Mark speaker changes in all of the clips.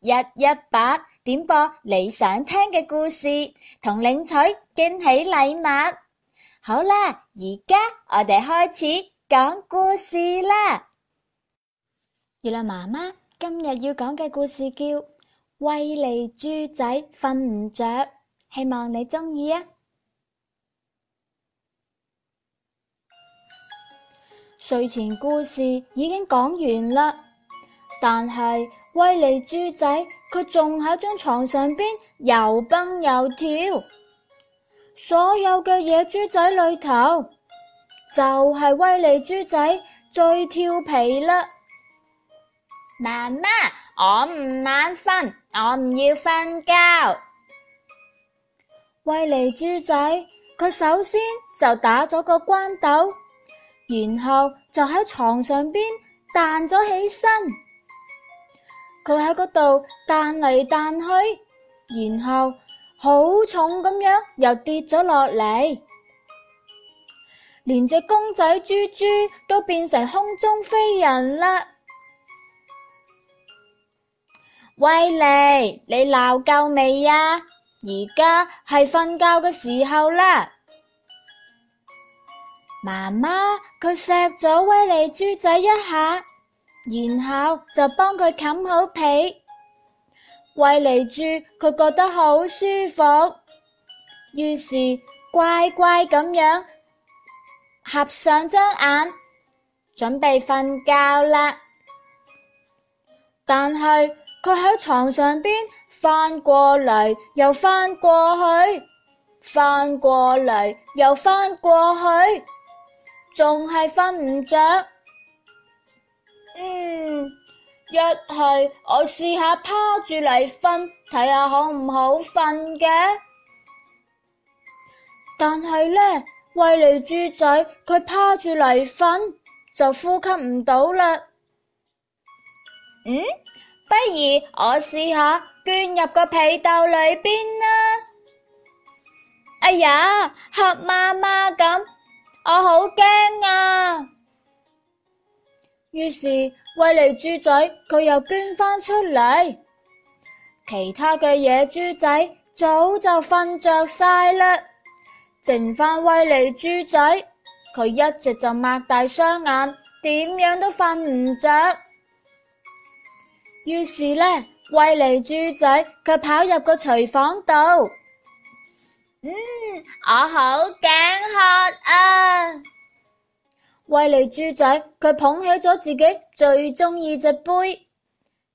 Speaker 1: 一一八點播你想聽嘅故事，同領取驚喜禮物。好啦，而家我哋開始講故事啦。月亮媽媽今日要講嘅故事叫《威利豬仔瞓唔着》，希望你鍾意啊！睡前故事已經講完啦，但係。威利豬仔佢仲喺張床上邊又蹦又跳，所有嘅野豬仔裏頭就係、是、威利豬仔最調皮啦。媽媽，我唔眼瞓，我唔要瞓覺。威利豬仔佢首先就打咗個關斗，然後就喺床上邊彈咗起身。佢喺嗰度彈嚟彈去，然後好重咁樣又跌咗落嚟，連隻公仔豬豬都變成空中飛人啦！威利，你鬧夠未啊？而家係瞓覺嘅時候啦，媽媽佢錫咗威利豬仔一下。然後就幫佢冚好被，威利住佢覺得好舒服，於是乖乖咁樣合上雙眼，準備瞓覺啦。但係佢喺床上邊翻過嚟，又翻過去，翻過嚟又翻過去，仲係瞓唔着。嗯，一係我試下趴住嚟瞓，睇下好唔好瞓嘅。但係呢，威利豬仔佢趴住嚟瞓就呼吸唔到啦。嗯，不如我試下捲入個被竇裏邊啦。哎呀，黑媽媽咁，我好驚啊！於是，威利豬仔佢又捐翻出嚟。其他嘅野豬仔早就瞓着晒啦，剩翻威利豬仔，佢一直就擘大雙眼，點樣都瞓唔着。於是呢，威利豬仔佢跑入個廚房度，嗯，我好頸渴啊！威利豬仔佢捧起咗自己最鍾意隻杯，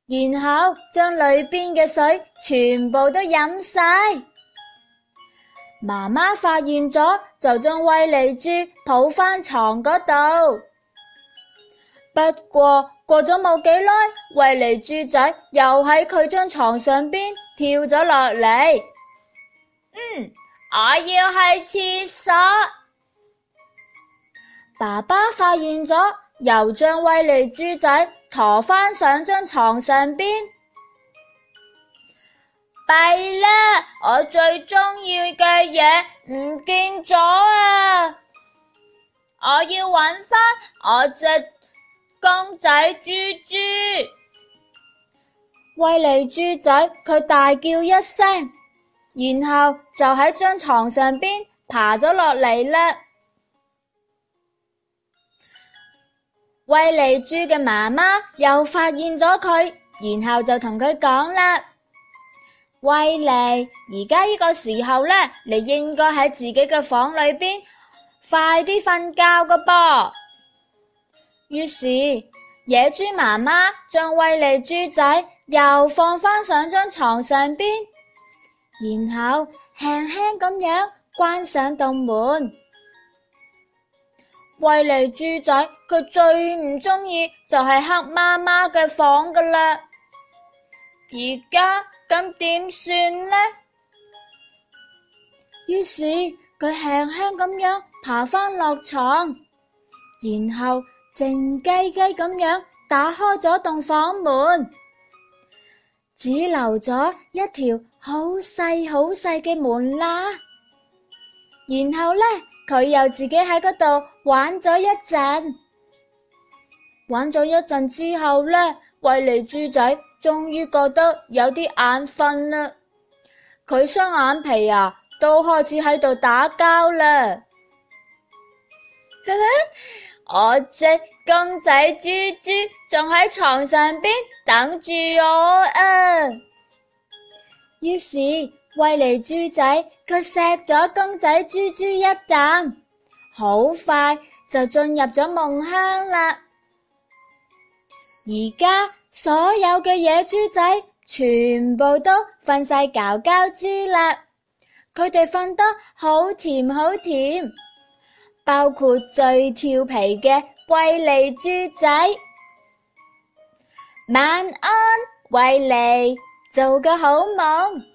Speaker 1: 然後將裏邊嘅水全部都飲晒。媽媽發現咗，就將威利豬抱翻床嗰度。不過過咗冇幾耐，威利豬仔又喺佢張床上邊跳咗落嚟。嗯，我要去廁所。爸爸發現咗，又將威利豬仔馱翻上張床上邊。弊啦，我最中意嘅嘢唔見咗啊！我要揾翻我隻公仔豬豬。威利豬仔佢大叫一聲，然後就喺張床上邊爬咗落嚟啦。威利豬嘅媽媽又發現咗佢，然後就同佢講啦：威利，而家呢個時候呢，你應該喺自己嘅房裏邊快啲瞓覺噶噃。於是野豬媽媽將威利豬仔又放翻上張床上邊，然後輕輕咁樣關上道門。威利豬仔佢最唔中意就係、是、黑媽媽嘅房噶啦，而家咁點算呢？於是佢輕輕咁樣爬翻落床，然後靜雞雞咁樣打開咗棟房門，只留咗一條好細好細嘅門罅，然後呢？佢又自己喺嗰度玩咗一陣，玩咗一陣之後呢，威利豬仔終於覺得有啲眼瞓啦，佢雙眼皮啊都開始喺度打交啦。 我隻公仔豬豬仲喺床上邊等住我啊，於是。威利豬仔，佢錫咗公仔豬豬一啖，好快就進入咗夢鄉啦。而家所有嘅野豬仔全部都瞓晒覺覺之啦，佢哋瞓得好甜好甜，包括最調皮嘅威利豬仔。晚安，威利，做個好夢。